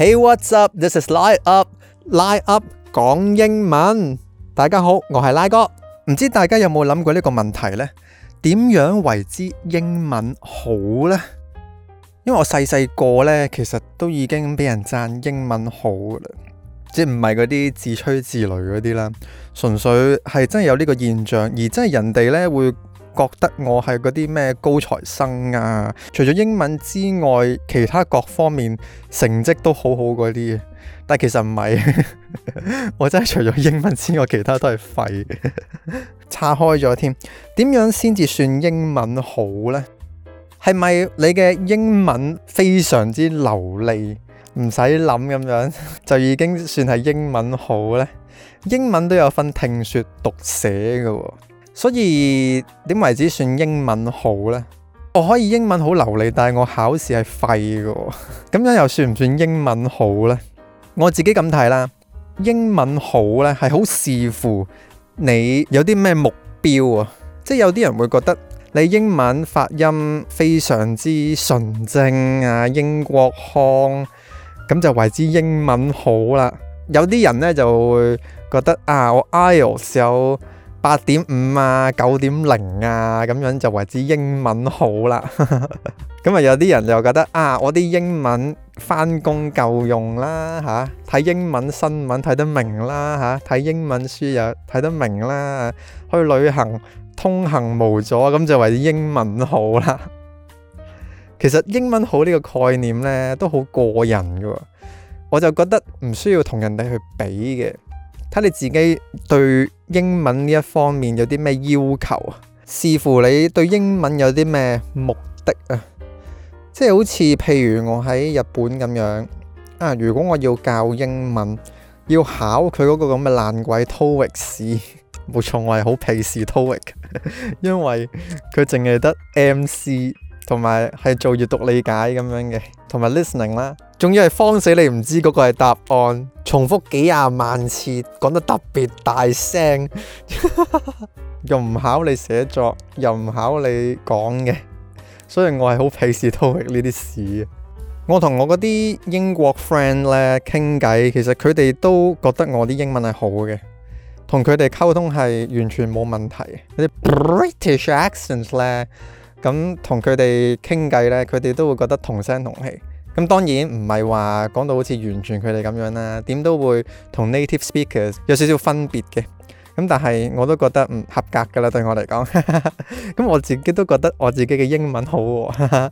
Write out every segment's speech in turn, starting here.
Hey, what's up? This is Lai Up. Lai Up 講英文，大家好，我係拉哥。唔知大家有冇諗過呢個問題呢？點樣為之英文好呢？因為我細細個呢，其實都已經俾人讚英文好噶啦，即係唔係嗰啲自吹自擂嗰啲啦，純粹係真係有呢個現象，而真係人哋呢會。覺得我係嗰啲咩高材生啊？除咗英文之外，其他各方面成績都好好嗰啲，但其實唔係， 我真係除咗英文之外，其他都係廢，岔 開咗添。點樣先至算英文好呢？係咪你嘅英文非常之流利，唔使諗咁樣就已經算係英文好呢？英文都有份聽說讀寫嘅喎。所以點為之算英文好呢？我可以英文好流利，但係我考試係廢嘅，咁樣又算唔算英文好呢？我自己咁睇啦，英文好呢係好視乎你有啲咩目標啊，即係有啲人會覺得你英文發音非常之純正啊，英國腔，咁就為之英文好啦。有啲人呢就會覺得啊，我 IELTS 有。八點五啊，九點零啊，咁樣就為之英文好啦。咁啊，有啲人就覺得啊，我啲英文返工夠用啦嚇，睇、啊、英文新聞睇得明啦嚇，睇、啊、英文書又睇得明啦，去旅行通行無阻，咁就為英文好啦。 其實英文好呢個概念呢，都好個人嘅，我就覺得唔需要同人哋去比嘅。睇你自己對英文呢一方面有啲咩要求啊？視乎你對英文有啲咩目的啊？即係好似譬如我喺日本咁樣啊，如果我要教英文，要考佢嗰個咁嘅爛鬼 TOEIC，冇錯，我係好鄙視 TOEIC，因為佢淨係得 MC。同埋係做閱讀理解咁樣嘅，同埋 listening 啦，仲要係慌死你唔知嗰個係答案，重複幾廿萬次，講得特別大聲， 又唔考你寫作，又唔考你講嘅，所以我係好鄙視 TOEIC 呢啲事。我同我嗰啲英國 friend 咧傾偈，其實佢哋都覺得我啲英文係好嘅，同佢哋溝通係完全冇問題的。啲 British accents 咧。咁同佢哋傾偈呢，佢哋都會覺得同聲同氣。咁當然唔係話講到好似完全佢哋咁樣啦，點都會同 native speakers 有少少分別嘅。咁但係我都覺得唔合格㗎啦，對我嚟講。咁我自己都覺得我自己嘅英文好喎，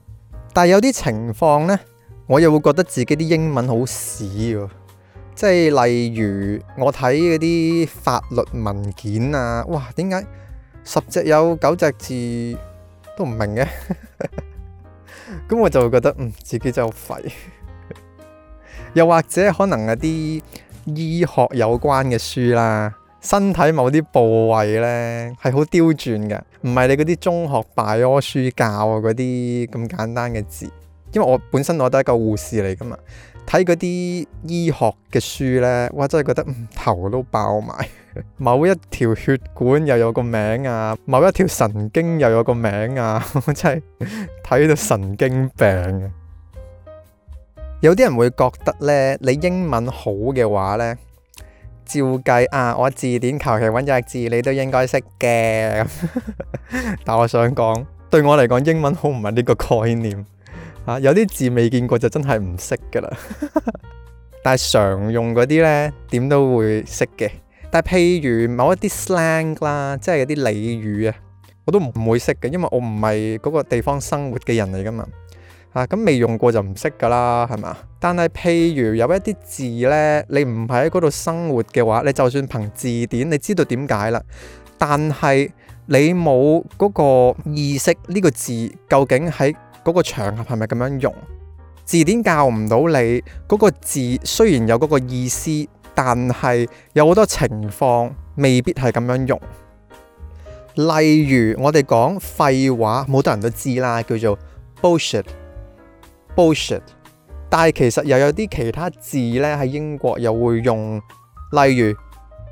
但係有啲情況呢，我又會覺得自己啲英文好屎喎。即係例如我睇嗰啲法律文件啊，哇，點解十隻有九隻字？都唔明嘅，咁我就會覺得，嗯，自己真係好廢。 又或者可能一啲醫學有關嘅書啦，身體某啲部位呢，係好刁轉鑽嘅，唔係你嗰啲中學 bio 書教嗰啲咁簡單嘅字。因為我本身我都得都係一個護士嚟㗎嘛。睇嗰啲醫學嘅書呢，哇，真係覺得頭都爆埋。某一條血管又有個名啊，某一條神經又有個名啊，我真係睇到神經病。 有啲人會覺得呢，你英文好嘅話呢，照計啊，我字典求其搵隻字，你都應該識嘅。 但我想講，對我嚟講，英文好唔係呢個概念。啊，有啲字未見過就真係唔識噶啦，但係常用嗰啲呢，點都會識嘅。但係譬如某一啲 slang 啦，即係有啲俚語啊，我都唔會識嘅，因為我唔係嗰個地方生活嘅人嚟噶嘛。啊，咁未用過就唔識噶啦，係嘛？但係譬如有一啲字呢，你唔係喺嗰度生活嘅話，你就算憑字典，你知道點解啦。但係你冇嗰個意識，呢個字究竟喺？嗰個場合係咪咁樣用，字典教唔到你嗰個字？雖然有嗰個意思，但係有好多情況未必係咁樣用。例如我哋講廢話，好多人都知啦，叫做 bullshit bullshit。但係其實又有啲其他字呢，喺英國又會用，例如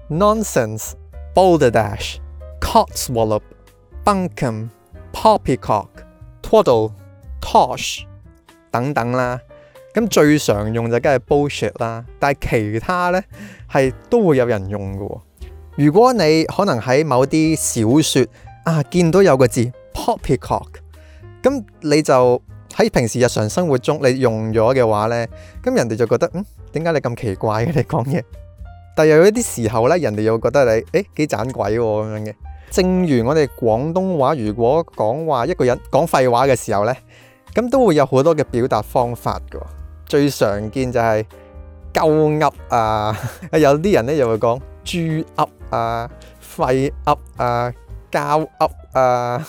nonsense、balderdash、codswallop、bunkum、poppycock、twaddle。posh 等等啦，咁最常用就梗係 bullshit 啦。但係其他呢，係都會有人用㗎。如果你可能喺某啲小說啊見到有個字 poppycock，咁你就喺平時日常生活中你用咗嘅話呢，咁人哋就覺得嗯點解你咁奇怪嘅？你講嘢，但係又有一啲時候呢，人哋又覺得你誒幾盞鬼咁樣嘅。正如我哋廣東話，如果講話一個人講廢話嘅時候呢。咁都會有好多嘅表達方法㗎，最常見就係鳩噏啊，有啲人咧又會講豬噏啊、廢噏啊、膠噏啊，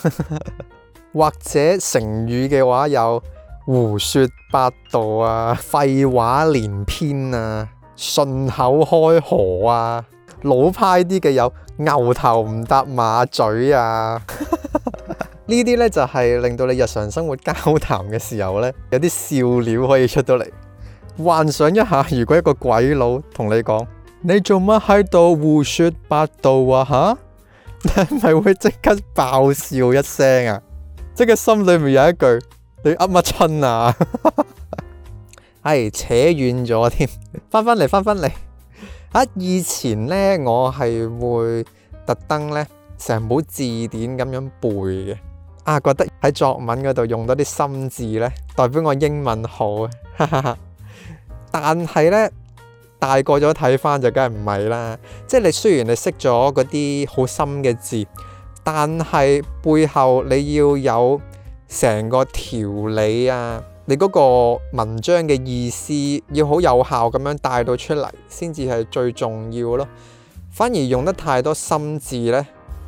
或者成語嘅話有胡説八道啊、廢話連篇啊、順口開河啊，老派啲嘅有牛頭唔搭馬嘴啊。呢啲呢，就係令到你日常生活交談嘅時候呢，有啲笑料可以出到嚟。幻想一下，如果一個鬼佬同你講：你做乜喺度胡説八道啊？嚇、啊，你係咪會即刻爆笑一聲啊！即係心裏面有一句：你噏乜春啊？唉， 扯遠咗添，翻返嚟，翻返嚟。啊，以前呢，我係會特登呢，成本字典咁樣背嘅。啊，覺得喺作文嗰度用多啲深字咧，代表我英文好啊！哈哈哈。但係咧，大個咗睇返就梗係唔係啦。即係你雖然你識咗嗰啲好深嘅字，但係背後你要有成個條理啊，你嗰個文章嘅意思要好有效咁樣帶到出嚟，先至係最重要咯。反而用得太多深字咧，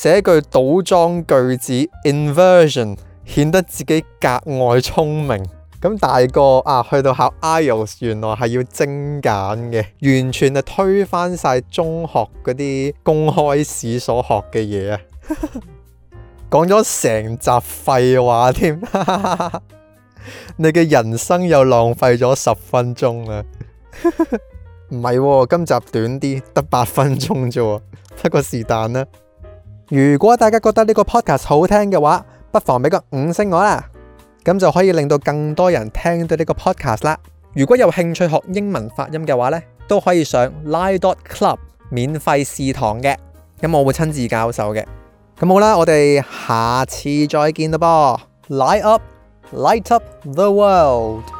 寫句倒裝句子，inversion 顯得自己格外聰明。咁大個啊，去到考 IELTS，原來係要精簡嘅，完全係推翻晒中學嗰啲公開試所學嘅嘢啊！講咗成集廢話添， 你嘅人生又浪費咗十分鐘啦。唔 係、啊，今集短啲，得八分鐘啫。不過是但啦。如果大家覺得呢個 podcast 好聽嘅話，不妨俾個五星我啦，咁就可以令到更多人聽到呢個 podcast 啦。如果有興趣學英文發音嘅話呢，都可以上 Lai Dot Club 免費試堂嘅，咁我會親自教授嘅。咁好啦，我哋下次再見啦噃，Light up，light up the world。